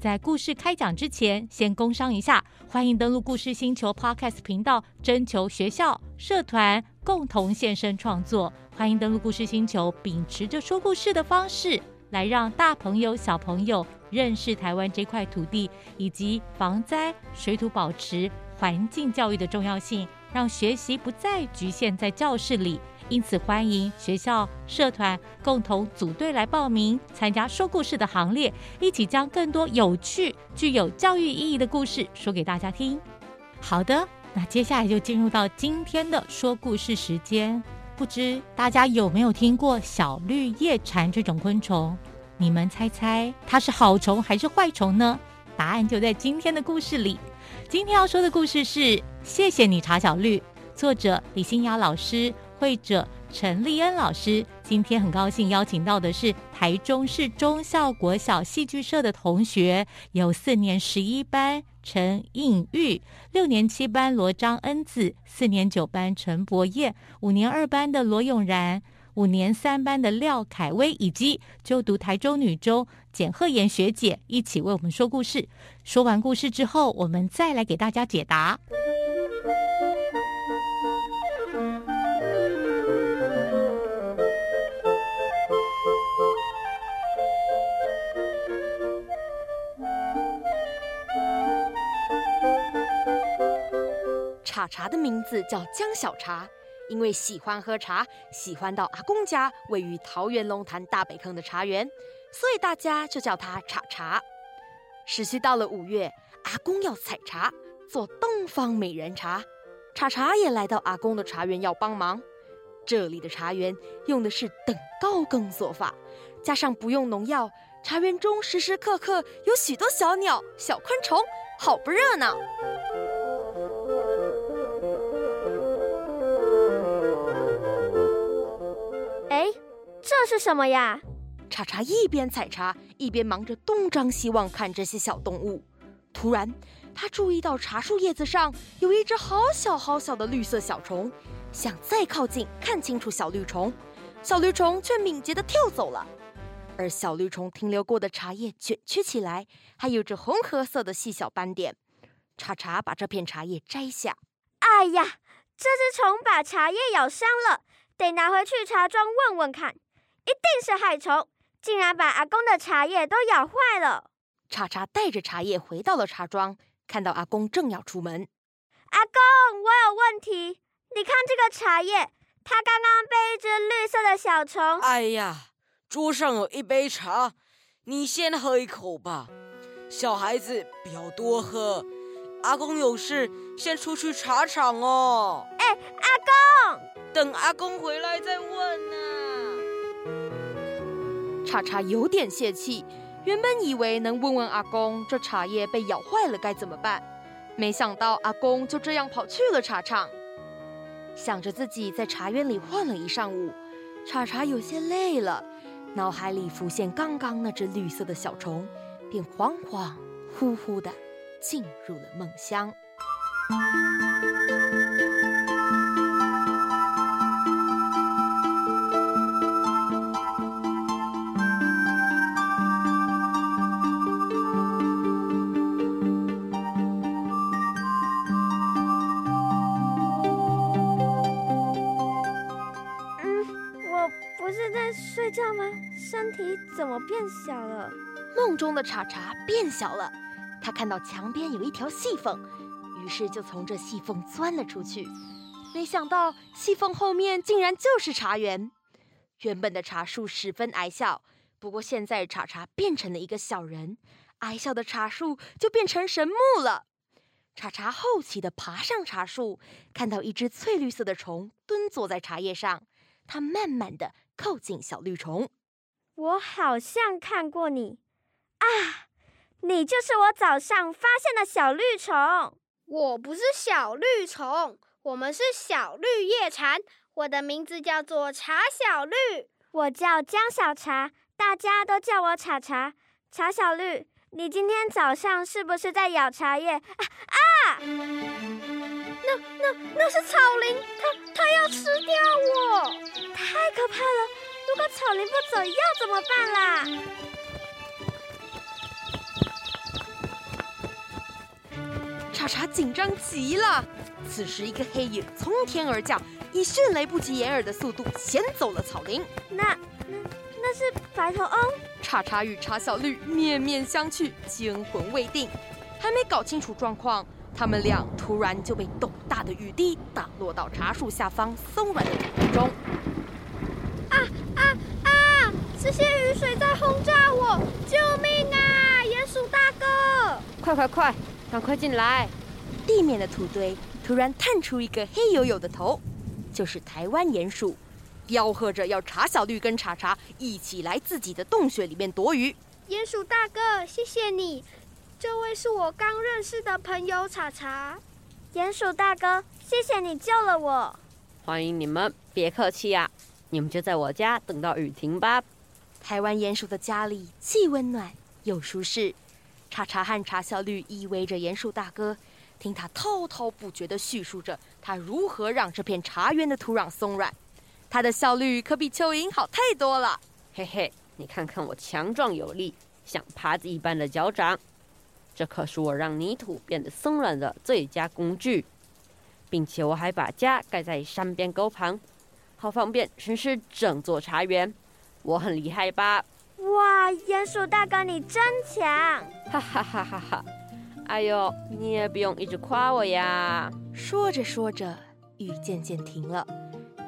在故事開講之前，先工商一下。歡迎登陸故事星球 Podcast 頻道，徵求學校社團共同獻聲創作。歡迎登陸故事星球，秉持着說故事的方式來讓大朋友小朋友認識台灣這塊土地，以及防災、水土保持、環境教育的重要性，讓學習不再局限在教室裡。因此，歡迎學校社團共同組隊來報名參加說故事的行列，一起將更多有趣、具有教育意義的故事說給大家聽。好的，那接下來就進入到今天的說故事時間。不知大家有沒有聽過小綠葉蟬這種昆蟲？你們猜猜它是好蟲還是壞蟲呢？答案就在今天的故事裡。今天要說的故事是《謝謝你，茶小綠》，作者李馨雅老師。繪者陳莉恩老師，今天很高興邀請到的是台中市忠孝國小戲劇社的同學，有四年十一班陳映毓、六年七班羅張恩梓、四年九班陳柏諺、五年二班的羅永然、五年三班的廖凱威，以及就讀台中女中簡赫言學姐，一起為我們說故事。說完故事之後，我們再來給大家解答。茶茶的名字叫江小茶，因為喜歡喝茶，喜歡到阿公家位於桃園龍潭大北坑的茶園，所以大家就叫他茶茶。時序到了五月，阿公要採茶做東方美人茶，茶茶也來到阿公的茶園要幫忙。這裡的茶園用的是等高耕作法，加上不用農藥，茶園中時時刻刻有許多小鳥、小昆蟲，好不熱鬧。什麼呀？茶茶一邊採茶，一邊忙着東張西望看這些小動物。突然，他注意到茶樹葉子上有一隻好小好小的綠色小蟲，想再靠近看清楚小綠蟲，小綠蟲卻敏捷地跳走了。而小綠蟲停留過的茶葉捲曲起來，還有着紅褐色的細小斑點。茶茶把這片茶葉摘下，哎呀，這隻蟲把茶葉咬傷了，得拿回去茶莊問問看。一定是害蟲，竟然把阿公的茶葉都咬壞了。茶茶帶着茶葉回到了茶莊，看到阿公正要出門。阿公，我有問題，你看這個茶葉，它剛剛被一只綠色的小蟲……哎呀，桌上有一杯茶，你先喝一口吧。小孩子不要多喝。阿公有事先出去茶廠哦。哎，阿公，等阿公回來再問呢，啊。茶茶有點洩氣，原本以為能問問阿公，這茶葉被咬壞了該怎麼辦，沒想到阿公就這樣跑去了茶廠。想着自己在茶園裡晃了一上午，茶茶有些累了，腦海裡浮現剛剛那只綠色的小蟲，便恍恍惚惚的進入了夢鄉。怎麼變小了？夢中的茶茶變小了，他看到牆邊有一條細縫，於是就從這細縫鑽了出去。沒想到細縫後面竟然就是茶園。原本的茶樹十分矮小，不過現在茶茶變成了一個小人，矮小的茶樹就變成神木了。茶茶好奇的爬上茶樹，看到一隻翠綠色的蟲蹲坐在茶葉上，它慢慢的靠近小綠蟲。我好像看過你，啊，你就是我早上發現的小綠蟲。我不是小綠蟲，我們是小綠葉蟬，我的名字叫做茶小綠。我叫江小茶，大家都叫我茶茶。茶小綠，你今天早上是不是在咬茶葉？啊！啊，那那那是草蛉，它它要吃掉我，太可怕了。如果草林不走，又怎麼辦啦？茶茶緊張極了。此時，一個黑影從天而降，以迅雷不及掩耳的速度銜走了草林。那那那是白頭翁。茶茶與茶小綠面面相覷，驚魂未定，還沒搞清楚狀況，他們倆突然就被斗大的雨滴打落到茶樹下方鬆軟的泥土中。這些雨水在轟炸我！救命啊，鼴鼠大哥！快快快，趕快進來！地面的土堆突然探出一個黑黝黝的頭，就是台灣鼴鼠，吆喝着要茶小綠跟查查一起來自己的洞穴裡面躲雨。鼴鼠大哥，謝謝你！這位是我剛認識的朋友查查。鼴鼠大哥，謝謝你救了我！歡迎你們，別客氣啊！你們就在我家等到雨停吧。臺灣鼴鼠的家裡既溫暖又舒適，茶茶和茶小綠依偎着鼴鼠大哥，聽他滔滔不絕地敘述着他如何讓這片茶園的土壤鬆軟，他的效率可比蚯蚓好太多了。嘿嘿，你看看我強壯有力、像耙子一般的腳掌，這可是我讓泥土變得鬆軟的最佳工具，並且我還把家蓋在山邊溝旁，好方便巡視整座茶園。我很厲害吧？哇，鼴鼠大哥，你真強！哈哈哈哈哈，哎呦，你也不用一直誇我呀。說着說着，雨漸漸停了，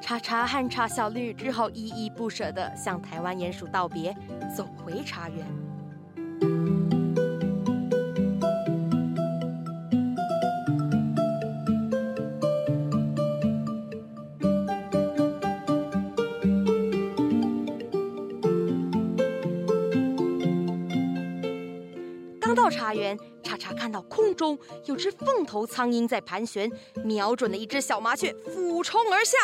茶茶和茶小綠只好依依不捨的向台灣鼴鼠道別，走回茶園。到茶園，茶茶看到空中有隻鳳頭蒼鷹在盤旋，瞄準了一隻小麻雀，俯衝而下。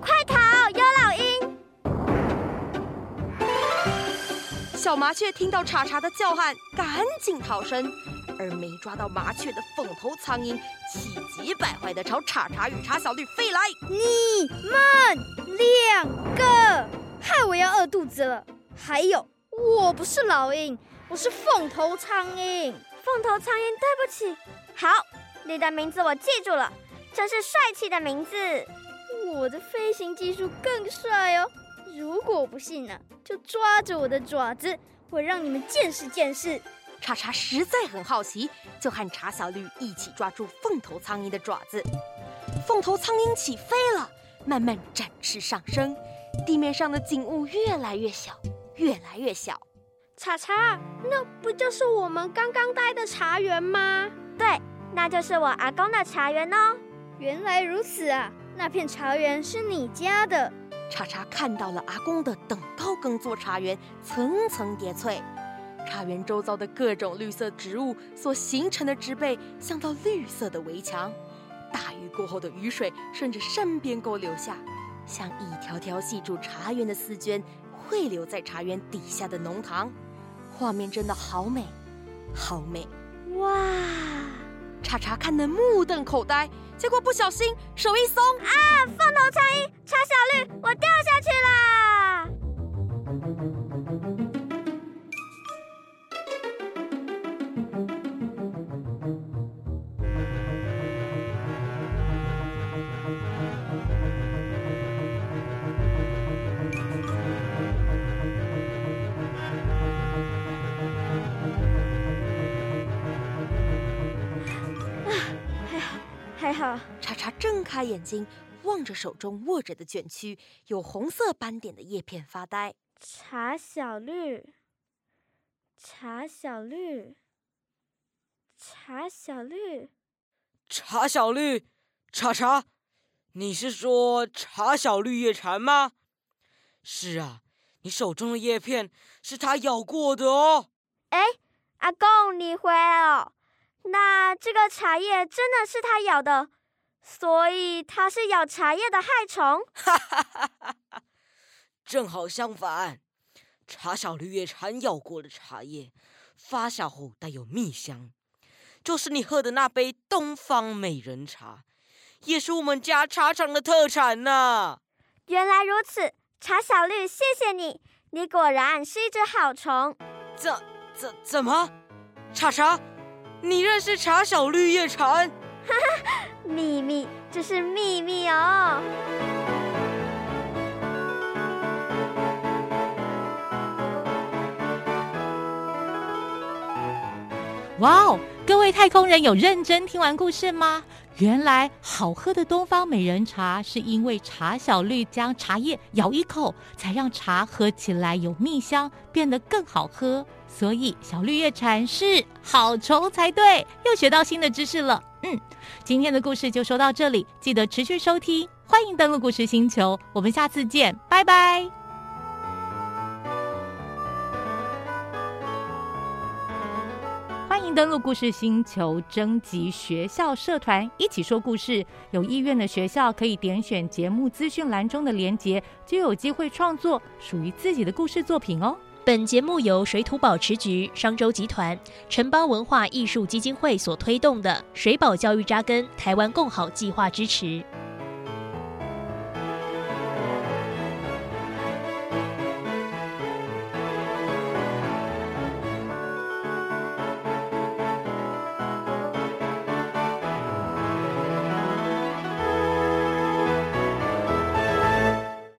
快跑，有老鷹！小麻雀聽到茶茶的叫喊，趕緊逃生。而沒抓到麻雀的鳳頭蒼鷹氣急敗壞地朝茶茶與茶小綠飛來。你們兩個，害我要餓肚子了。還有。我不是老鷹，我是鳳頭蒼鷹，鳳頭蒼鷹，對不起。好，你的名字我記住了，這是帥氣的名字。我的飛行技術更帥哦！如果不信呢，就抓着我的爪子，我讓你們見識見識。茶茶實在很好奇，就和茶小綠一起抓住鳳頭蒼鷹的爪子。鳳頭蒼鷹起飛了，慢慢展翅上升，地面上的景物越來越小。越來越小，茶茶，那不就是我們剛剛待的茶園嗎？對，那就是我阿公的茶園哦。原來如此啊，那片茶園是你家的。茶茶看到了阿公的等高耕作茶園，層層疊翠。茶園周遭的各種綠色植物所形成的植被，像道綠色的圍牆。大雨過後的雨水順着山邊溝流下，像一條條繫住茶園的絲絹。匯流在茶園底下的農塘，畫面真的好美，好美！哇，茶茶看得目瞪口呆，結果不小心手一鬆啊，鳳頭蒼鷹茶小綠，我掉下去啦！茶茶睜開眼睛，望着手中握着的捲曲、有紅色斑點的葉片發呆。茶小綠，茶小綠，茶小綠，茶小綠，茶茶，你是說茶小綠葉蟬嗎？是啊，你手中的葉片是它咬過的哦。哎，阿公，你回來哦。那這個茶葉真的是它咬的，所以它是咬茶葉的害蟲？哈哈哈哈哈！正好相反，茶小綠葉蟬咬過的茶葉，發酵後帶有蜜香，就是你喝的那杯東方美人茶，也是我們家茶廠的特產呢、啊。原來如此，茶小綠，謝謝你，你果然是一隻好蟲。怎怎怎麼，茶茶。你認識茶小綠葉蟬？哈哈，祕密，這是祕密哦。哇哦，各位太空人有認真聽完故事嗎？原來好喝的東方美人茶，是因為茶小綠將茶葉咬一口，才讓茶喝起來有蜜香，變得更好喝。所以，小綠葉蟬是好蟲才對，又學到新的知識了。嗯，今天的故事就說到這裡，記得持續收聽，歡迎登陸故事星球，我們下次見，拜拜。歡迎登陸故事星球，徵集學校社團一起說故事，有意願的學校可以點選節目資訊欄中的連結，就有機會創作屬於自己的故事作品哦。本節目由水土保持局、商周集團、城邦文化藝術基金會所推動的“水保教育扎根台灣共好計劃”支持。